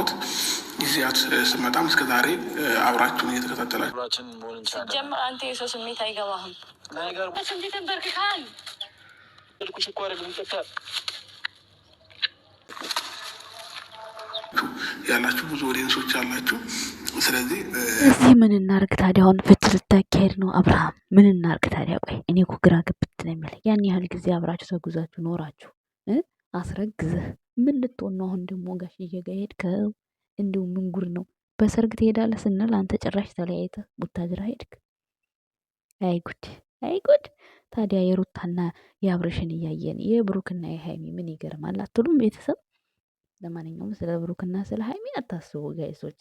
የመጣሁት። ጊዜያት ስመጣም እስከ ዛሬ አብራችሁን እየተከታተላችሁ ጀምር። አንተ የሰው ስሜት አይገባህም። ያላችሁ ብዙ ኦዲየንሶች አላችሁ። ስለዚህ እዚህ ምን እናርግ ታዲያ? አሁን ፍች ልታካሄድ ነው አብርሃም። ምን እናርግ ታዲያ? ቆይ እኔ እኮ ግራ ግብት ነው የሚለኝ። ያን ያህል ጊዜ አብራችሁ ተጉዛችሁ ኖራችሁ አስረግዝህ ምን ልትሆን ነው? አሁን ደግሞ ጋሽዬ ጋ ሄድከው እንዲሁ ምን ጉድ ነው? በሰርግ ትሄዳለህ ስንል አንተ ጭራሽ ተለያይተህ ቡታጅራ ሄድክ። አይ ጉድ አይ ጉድ! ታዲያ የሩታና የአብረሽን እያየን የብሩክና የሀይሚ ምን ይገርማል አትሉም? ቤተሰብ ለማንኛውም ስለ ብሩክና ስለ ሀይሚ አታስቡ ጋይሶች።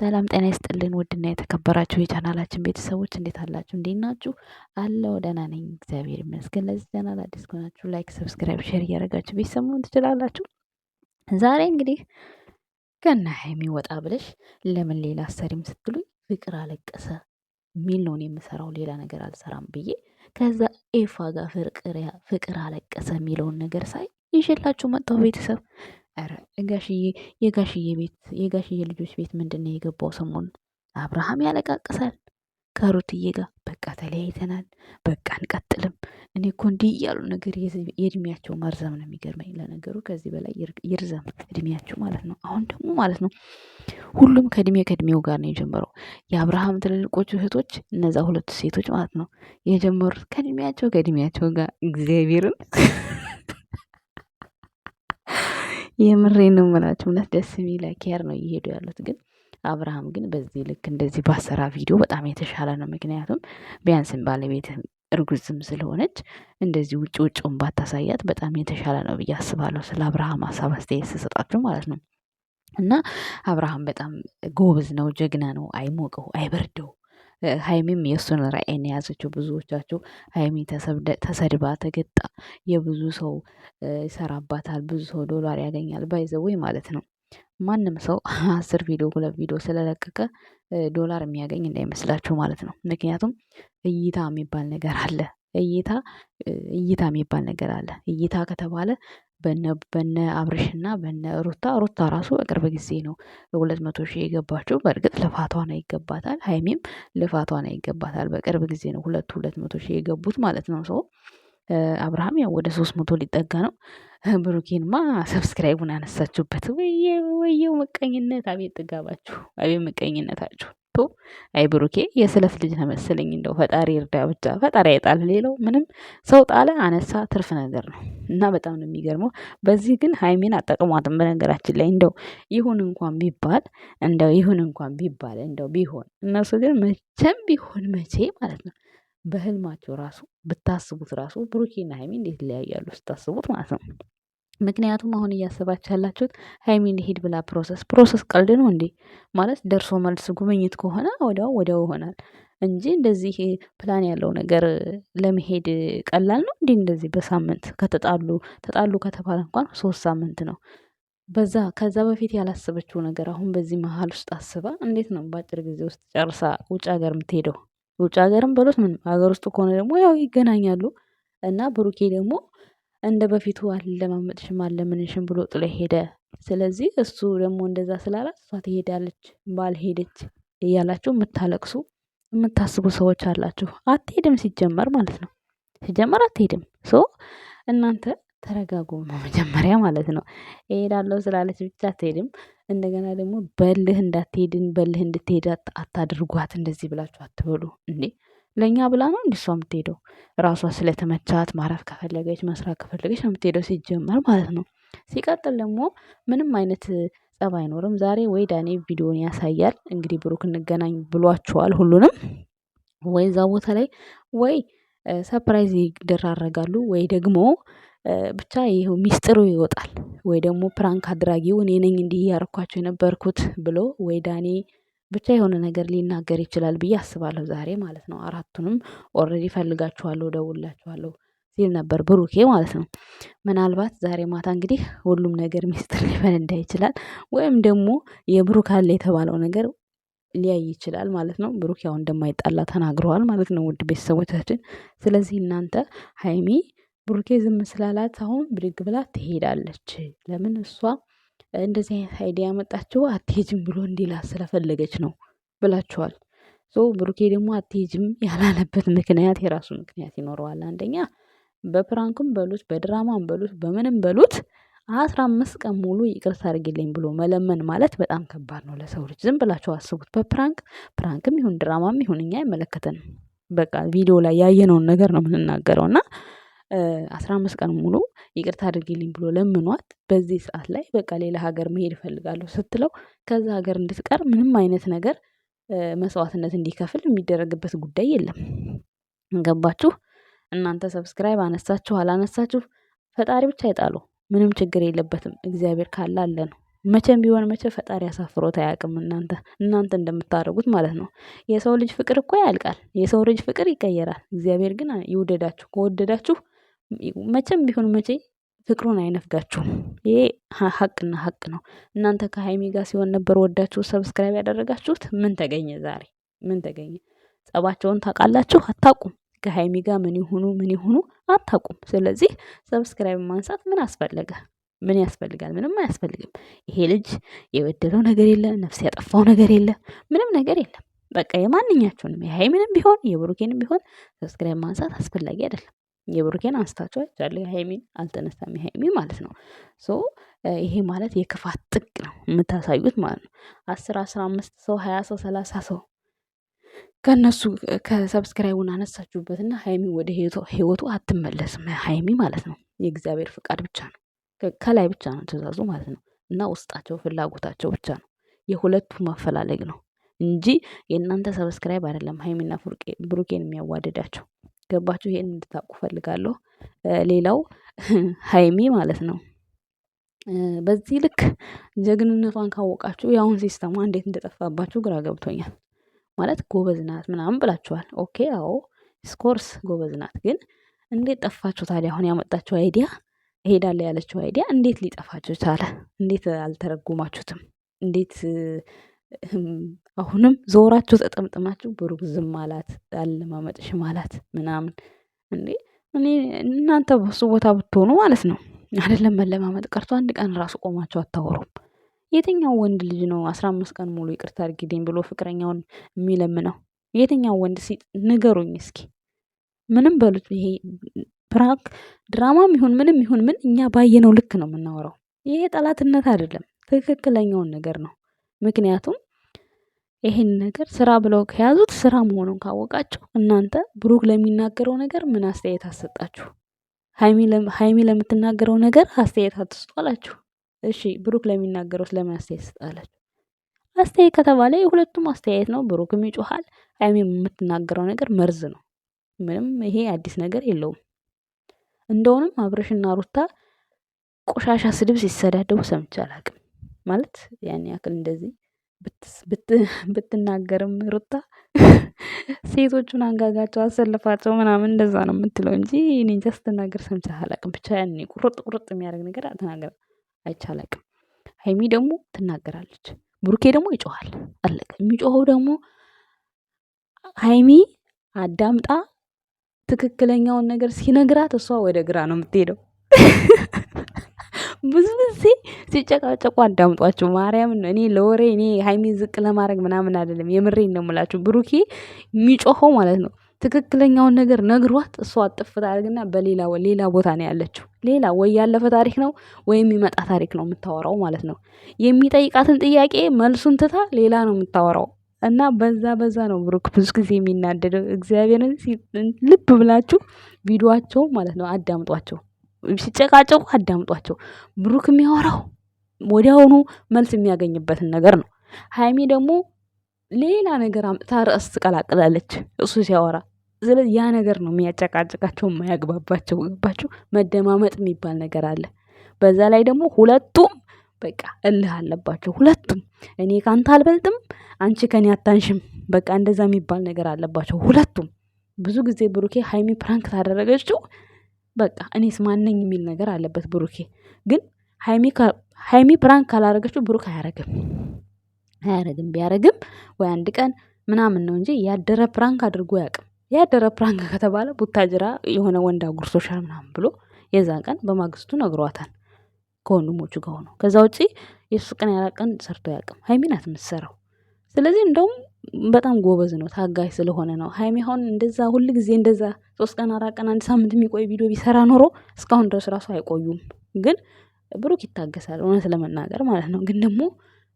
ሰላም ጤና ይስጥልን። ውድና የተከበራችሁ የቻናላችን ቤተሰቦች እንዴት አላችሁ? እንዴት ናችሁ? አለው ደህና ነኝ፣ እግዚአብሔር ይመስገን። ለዚህ ቻናል አዲስ ከሆናችሁ ላይክ፣ ሰብስክራይብ፣ ሼር እያደረጋችሁ ቤተሰብ መሆን ትችላላችሁ። ዛሬ እንግዲህ ከነ ሀይሚ ወጣ ብለሽ ለምን ሌላ አሰሪም ስትሉኝ ፍቅር አለቀሰ ሚል ነውን የምሰራው። ሌላ ነገር አልሰራም ብዬ ከዛ ኤፋ ጋር ፍቅር አለቀሰ የሚለውን ነገር ሳይ ይዤላችሁ መጣሁ። ቤተሰብ ኧረ ጋሽዬ የጋሽዬ ቤት የጋሽዬ ልጆች ቤት ምንድን ነው የገባው? ሰሞኑን አብርሃም ያለቃቅሳል፣ ከሩትዬ ጋር በቃ ተለያይተናል፣ በቃ አንቀጥልም። እኔ እኮ እንዲህ እያሉ ነገር የእድሜያቸው መርዘም ነው የሚገርመኝ። ለነገሩ ከዚህ በላይ ይርዘም እድሜያቸው ማለት ነው። አሁን ደግሞ ማለት ነው ሁሉም ከእድሜ ከእድሜው ጋር ነው የጀመረው። የአብርሃም ትልልቆቹ እህቶች እነዛ ሁለቱ ሴቶች ማለት ነው የጀመሩት ከእድሜያቸው ከእድሜያቸው ጋር እግዚአብሔርን የምሬ ነው የምላቸው። እውነት ደስ የሚል ኬር ነው እየሄዱ ያሉት ግን አብርሃም ግን በዚህ ልክ እንደዚህ ባሰራ ቪዲዮ በጣም የተሻለ ነው። ምክንያቱም ቢያንስም ባለቤት እርጉዝም ስለሆነች እንደዚህ ውጭ ውጭውን ባታሳያት በጣም የተሻለ ነው ብዬ አስባለሁ። ስለ አብርሃም ሀሳብ አስተያየት ስሰጣችሁ ማለት ነው። እና አብርሃም በጣም ጎበዝ ነው፣ ጀግና ነው። አይሞቀው፣ አይበርደው። ሀይሚም የእሱን ራዕይን የያዘችው። ብዙዎቻቸው ሀይሚ ተሰድባ ተገጣ፣ የብዙ ሰው ይሰራባታል፣ ብዙ ሰው ዶላር ያገኛል ባይዘወይ ማለት ነው። ማንም ሰው አስር ቪዲዮ ሁለት ቪዲዮ ስለለቀቀ ዶላር የሚያገኝ እንዳይመስላችሁ ማለት ነው። ምክንያቱም እይታ የሚባል ነገር አለ። እይታ እይታ የሚባል ነገር አለ። እይታ ከተባለ በነ በነ አብርሽና በነ ሩታ ሩታ ራሱ በቅርብ ጊዜ ነው ሁለት መቶ ሺህ የገባችው። በእርግጥ ልፋቷና ይገባታል። ሀይሚም ልፋቷና ይገባታል። በቅርብ ጊዜ ነው ሁለቱ ሁለት መቶ ሺህ የገቡት ማለት ነው ሰው አብርሃም ያው ወደ ሶስት መቶ ሊጠጋ ነው። ብሩኬንማ ሰብስክራይቡን አነሳችሁበት። ወየ ወየው ምቀኝነት! አቤት ጥጋባችሁ! አቤት ምቀኝነታችሁ! ቶ አይ ብሩኬ የስለት ልጅ ነው መሰለኝ። እንደው ፈጣሪ እርዳ ብቻ፣ ፈጣሪ አይጣል። ሌላው ምንም ሰው ጣለ አነሳ ትርፍ ነገር ነው እና በጣም ነው የሚገርመው። በዚህ ግን ሀይሜን አጠቅሟትም። በነገራችን ላይ እንደው ይሁን እንኳን ቢባል እንደው ይሁን እንኳን ቢባል እንደው ቢሆን እነሱ ግን መቼም ቢሆን መቼ ማለት ነው በህልማቸው ራሱ ብታስቡት ራሱ ብሩኬና ሀይሚ እንዴት ይለያያሉ ስታስቡት ማለት ነው። ምክንያቱም አሁን እያሰባች ያላችሁት ሀይሚ እንዲሄድ ብላ ፕሮሰስ ፕሮሰስ ቀልድ ነው እንዴ ማለት ደርሶ መልስ ጉብኝት ከሆነ ወዲያው ወዲያው ይሆናል እንጂ እንደዚህ ፕላን ያለው ነገር ለመሄድ ቀላል ነው እንዴ? እንደዚህ በሳምንት ከተጣሉ ተጣሉ ከተባለ እንኳን ሶስት ሳምንት ነው። በዛ ከዛ በፊት ያላሰበችው ነገር አሁን በዚህ መሀል ውስጥ አስባ እንዴት ነው በአጭር ጊዜ ውስጥ ጨርሳ ውጭ ሀገር የምትሄደው? የውጭ ሀገርም በሎት ምን ሀገር ውስጥ ከሆነ ደግሞ ያው ይገናኛሉ። እና ብሩኬ ደግሞ እንደ በፊቱ አለማመጥሽም አለምንሽም ብሎ ጥሎ ሄደ። ስለዚህ እሱ ደግሞ እንደዛ ስላላት እሷ ትሄዳለች ባልሄደች እያላችሁ የምታለቅሱ የምታስቡ ሰዎች አላችሁ። አትሄድም ሲጀመር ማለት ነው። ሲጀመር አትሄድም ሶ እናንተ ተረጋጉ መጀመሪያ ማለት ነው። እሄዳለሁ ስላለች ብቻ አትሄድም። እንደገና ደግሞ በልህ እንዳትሄድን በልህ እንድትሄድ አታድርጓት እንደዚህ ብላችሁ አትበሉ እንዴ ለእኛ ብላ ነው እንዲ እሷ የምትሄደው ራሷ ስለተመቻት ማረፍ ከፈለገች መስራት ከፈለገች ነው የምትሄደው ሲጀመር ማለት ነው። ሲቀጥል ደግሞ ምንም አይነት ፀብ አይኖርም። ዛሬ ወይ ዳኔ ቪዲዮን ያሳያል እንግዲህ ብሩክ እንገናኝ ብሏቸዋል ሁሉንም ወይ እዛ ቦታ ላይ ወይ ሰርፕራይዝ ይደራረጋሉ ወይ ደግሞ ብቻ ይኸው ሚስጥሩ ይወጣል ወይ ደግሞ ፕራንክ አድራጊው እኔ ነኝ እንዲህ እያረኳቸው የነበርኩት ብሎ ወይ ዳኔ ብቻ የሆነ ነገር ሊናገር ይችላል ብዬ አስባለሁ ዛሬ ማለት ነው። አራቱንም ኦሬዲ ፈልጋችኋለሁ፣ ደውላችኋለሁ ሲል ነበር ብሩኬ ማለት ነው። ምናልባት ዛሬ ማታ እንግዲህ ሁሉም ነገር ሚስጥር ሊፈነዳ ይችላል ወይም ደግሞ የብሩክ አለ የተባለው ነገር ሊያይ ይችላል ማለት ነው። ብሩክ ያው እንደማይጣላ ተናግረዋል ማለት ነው። ውድ ቤተሰቦቻችን ስለዚህ እናንተ ሀይሚ ብሩኬ ዝም ስላላት አሁን ብድግ ብላ ትሄዳለች። ለምን እሷ እንደዚህ አይነት አይዲያ ያመጣችው አትሄጅም ብሎ እንዲላ ስለፈለገች ነው ብላችኋል። ብሩኬ ደግሞ አትሄጅም ያላለበት ምክንያት የራሱ ምክንያት ይኖረዋል። አንደኛ በፕራንክም በሉት በድራማም በሉት በምንም በሉት አስራ አምስት ቀን ሙሉ ይቅርታ አድርጊልኝ ብሎ መለመን ማለት በጣም ከባድ ነው ለሰው ልጅ። ዝም ብላችሁ አስቡት። በፕራንክ ፕራንክም ይሁን ድራማም ይሁን እኛ አይመለከተንም። በቃ ቪዲዮ ላይ ያየነውን ነገር ነው የምንናገረው እና አስራ አምስት ቀን ሙሉ ይቅርታ አድርጊልኝ ብሎ ለምኗት በዚህ ሰዓት ላይ በቃ ሌላ ሀገር መሄድ እፈልጋለሁ ስትለው ከዛ ሀገር እንድትቀር ምንም አይነት ነገር መስዋዕትነት እንዲከፍል የሚደረግበት ጉዳይ የለም። ገባችሁ? እናንተ ሰብስክራይብ አነሳችሁ አላነሳችሁ ፈጣሪ ብቻ አይጣሉ ምንም ችግር የለበትም። እግዚአብሔር ካለ አለ ነው። መቼም ቢሆን መቼ ፈጣሪ አሳፍሮት አያውቅም። እናንተ እናንተ እንደምታደርጉት ማለት ነው። የሰው ልጅ ፍቅር እኮ ያልቃል። የሰው ልጅ ፍቅር ይቀየራል። እግዚአብሔር ግን ይውደዳችሁ። ከወደዳችሁ መቼም ቢሆን መቼ ፍቅሩን አይነፍጋችሁም። ይሄ ሀቅና ሀቅ ነው። እናንተ ከሀይሚ ጋር ሲሆን ነበር ወዳችሁ ሰብስክራይብ ያደረጋችሁት። ምን ተገኘ ዛሬ? ምን ተገኘ? ጸባቸውን ታውቃላችሁ? አታውቁም። ከሀይሚ ጋር ምን ይሁኑ ምን ይሁኑ አታውቁም። ስለዚህ ሰብስክራይብ ማንሳት ምን አስፈለገ? ምን ያስፈልጋል? ምንም አያስፈልግም። ይሄ ልጅ የበደለው ነገር የለ፣ ነፍስ ያጠፋው ነገር የለ፣ ምንም ነገር የለም። በቃ የማንኛቸውንም የሀይሚንም ቢሆን የብሩኬንም ቢሆን ሰብስክራይብ ማንሳት አስፈላጊ አይደለም። የብሩኬን አንስታቸው አይቻለሁ የሀይሚን አልተነሳም የሀይሚ ማለት ነው። ሶ ይሄ ማለት የክፋት ጥቅ ነው የምታሳዩት ማለት ነው። አስር አስራ አምስት ሰው ሀያ ሰው ሰላሳ ሰው ከእነሱ ከሰብስክራይቡን አነሳችሁበትና ሀይሚ ወደ ህይወቱ አትመለስም ሀይሚ ማለት ነው። የእግዚአብሔር ፍቃድ ብቻ ነው ከላይ ብቻ ነው ትእዛዙ ማለት ነው። እና ውስጣቸው ፍላጎታቸው ብቻ ነው የሁለቱ ማፈላለግ ነው እንጂ የእናንተ ሰብስክራይብ አይደለም ሀይሚና ብሩኬን የሚያዋደዳቸው። ገባችሁ? ይሄን እንድታውቁ ፈልጋለሁ። ሌላው ሀይሚ ማለት ነው። በዚህ ልክ ጀግንነቷን ካወቃችሁ የአሁን ሲስተማ እንዴት እንደጠፋባችሁ ግራ ገብቶኛል። ማለት ጎበዝ ናት ምናምን ብላችኋል። ኦኬ አዎ ስኮርስ ጎበዝ ናት። ግን እንዴት ጠፋችሁ ታዲያ? አሁን ያመጣችሁ አይዲያ እሄዳለሁ ያለችው አይዲያ እንዴት ሊጠፋችሁ ቻለ? እንዴት አልተረጎማችሁትም? እንዴት አሁንም ዞራችሁ ተጠምጥማችሁ ብሩክ ዝም አላት አለማመጥሽም አላት ምናምን እንዴ እኔ እናንተ በሱ ቦታ ብትሆኑ ማለት ነው አይደለም መለማመጥ ቀርቶ አንድ ቀን ራሱ ቆማቸው አታወሩም። የትኛው ወንድ ልጅ ነው አስራ አምስት ቀን ሙሉ ይቅርታ አድርጊልኝ ብሎ ፍቅረኛውን የሚለምነው? የትኛው ወንድ ሲ ንገሩኝ እስኪ። ምንም በሉት ይሄ ፕራንክ ድራማም ይሁን ምንም ይሁን ምን እኛ ባየነው ልክ ነው የምናወራው። ይሄ ጠላትነት አይደለም፣ ትክክለኛውን ነገር ነው። ምክንያቱም ይሄን ነገር ስራ ብለው ከያዙት ስራ መሆኑን ካወቃችሁ እናንተ ብሩክ ለሚናገረው ነገር ምን አስተያየት አሰጣችሁ? ሀይሚ ለምትናገረው ነገር አስተያየት አትስጡ አላችሁ። እሺ ብሩክ ለሚናገረው ስለምን አስተያየት ስጣላችሁ? አስተያየት ከተባለ የሁለቱም አስተያየት ነው። ብሩክም ይጮሃል፣ ሀይሚ የምትናገረው ነገር መርዝ ነው። ምንም ይሄ አዲስ ነገር የለውም። እንደውንም አብረሽና ሩታ ቆሻሻ ስድብ ሲሰዳደቡ ሰምቼ አላቅም። ማለት ያን ያክል እንደዚህ ብትናገርም ሩታ ሴቶቹን አንጋጋቸው አሰልፋቸው ምናምን እንደዛ ነው የምትለው እንጂ እኔ እንጃ ስትናገር ሰምተህ አላቅም። ብቻ ያኔ ቁርጥ ቁርጥ የሚያደርግ ነገር ተናገር አይቻላቅም። ሀይሚ ደግሞ ትናገራለች፣ ብሩኬ ደግሞ ይጮኋል። አለቀ። የሚጮኸው ደግሞ ሀይሚ አዳምጣ ትክክለኛውን ነገር ሲነግራት እሷ ወደ ግራ ነው የምትሄደው። ብዙ ጊዜ ሲጨቃጨቁ አዳምጧቸው። ማርያም እኔ ለወሬ እኔ ሀይሚን ዝቅ ለማድረግ ምናምን አይደለም፣ የምሬ ነው የምላችሁ። ብሩኬ የሚጮኸው ማለት ነው ትክክለኛውን ነገር ነግሯት እሷ አጥፍ ታደርግና በሌላ ሌላ ቦታ ነው ያለችው። ሌላ ወይ ያለፈ ታሪክ ነው ወይ የሚመጣ ታሪክ ነው የምታወራው ማለት ነው። የሚጠይቃትን ጥያቄ መልሱን ትታ ሌላ ነው የምታወራው እና በዛ በዛ ነው ብሩክ ብዙ ጊዜ የሚናደደው። እግዚአብሔርን ልብ ብላችሁ ቪዲዮቸው ማለት ነው አዳምጧቸው። ሲጨቃጨቁ አዳምጧቸው። ብሩክ የሚያወራው ወዲያውኑ መልስ የሚያገኝበትን ነገር ነው። ሀይሜ ደግሞ ሌላ ነገር አምጥታ ርዕስ ትቀላቅላለች እሱ ሲያወራ። ስለዚህ ያ ነገር ነው የሚያጨቃጭቃቸው፣ የማያግባባቸው። ገባችሁ? መደማመጥ የሚባል ነገር አለ። በዛ ላይ ደግሞ ሁለቱም በቃ እልህ አለባቸው። ሁለቱም እኔ ከአንተ አልበልጥም፣ አንቺ ከኔ አታንሽም፣ በቃ እንደዛ የሚባል ነገር አለባቸው ሁለቱም። ብዙ ጊዜ ብሩኬ ሀይሚ ፕራንክ ታደረገችው በቃ እኔስ ማነኝ የሚል ነገር አለበት ብሩኬ። ግን ሀይሚ ፕራንክ ካላረገችው ብሩክ አያረግም አያረግም። ቢያረግም ወይ አንድ ቀን ምናምን ነው እንጂ ያደረ ፕራንክ አድርጎ ያቅም። ያደረ ፕራንክ ከተባለ ቡታጅራ የሆነ ወንድ አጉርሶሻል ምናምን ብሎ የዛን ቀን በማግስቱ ነግሯታል ከወንድሞቹ ጋር ሆኖ። ከዛ ውጪ የእሱ ቀን ያላቀን ሰርቶ ያቅም። ሀይሚን አትምሰረው። ስለዚህ እንደውም በጣም ጎበዝ ነው። ታጋሽ ስለሆነ ነው። ሃይሚ አሁን እንደዛ ሁል ጊዜ እንደዛ ሶስት ቀን አራት ቀን አንድ ሳምንት የሚቆይ ቪዲዮ ቢሰራ ኖሮ እስካሁን ድረስ ራሱ አይቆዩም። ግን ብሩክ ይታገሳል፣ እውነት ለመናገር ማለት ነው። ግን ደግሞ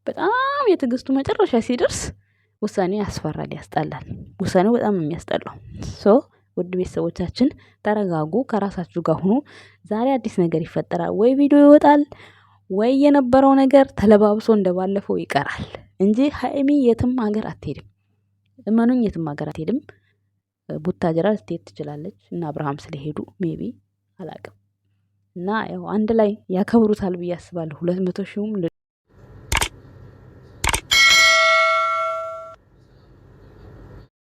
በጣም የትዕግስቱ መጨረሻ ሲደርስ ውሳኔው ያስፈራል፣ ያስጠላል። ውሳኔው በጣም የሚያስጠላው ሶ ውድ ቤተሰቦቻችን ተረጋጉ፣ ከራሳችሁ ጋር ሁኑ። ዛሬ አዲስ ነገር ይፈጠራል ወይ ቪዲዮ ይወጣል ወይ የነበረው ነገር ተለባብሶ እንደባለፈው ይቀራል። እንጂ ሀይሚ የትም ሀገር አትሄድም። እመኑኝ የትም ሀገር አትሄድም። ቡታጀራ ልትሄድ ትችላለች እና አብርሃም ስለሄዱ ሜቢ አላቅም እና ያው አንድ ላይ ያከብሩታል ብዬ አስባለሁ። ሁለት መቶ ሺውም